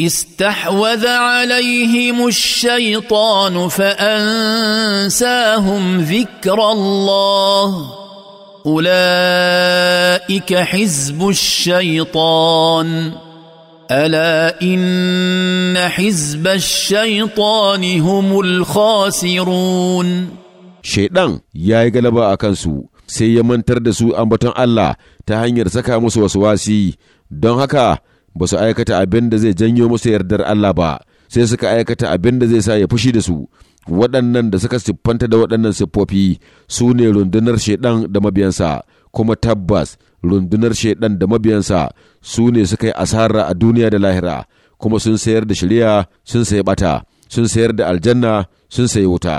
استحوذ عليهم الشيطان فانساهم ذكر الله اولئك حزب الشيطان الا ان حزب الشيطان هم الخاسرون شيطان يا غلبا اكنسو sai ya mantar da su ambaton Allah ta hanyar saka musu ba su aikata abin da zai janyo musu yardar Allah ba sai suka aikata abin da zai sa ya fushi da su waɗannan da suka siffanta da waɗannan siffofi su ne rundunar shaidan da mabiyansa kuma tabbas rundunar shaidan da mabiyansa su ne suka yi asara a duniya da lahira kuma sun sayar da shari'a sun sayi bata sun sayar da aljanna sun sayi wuta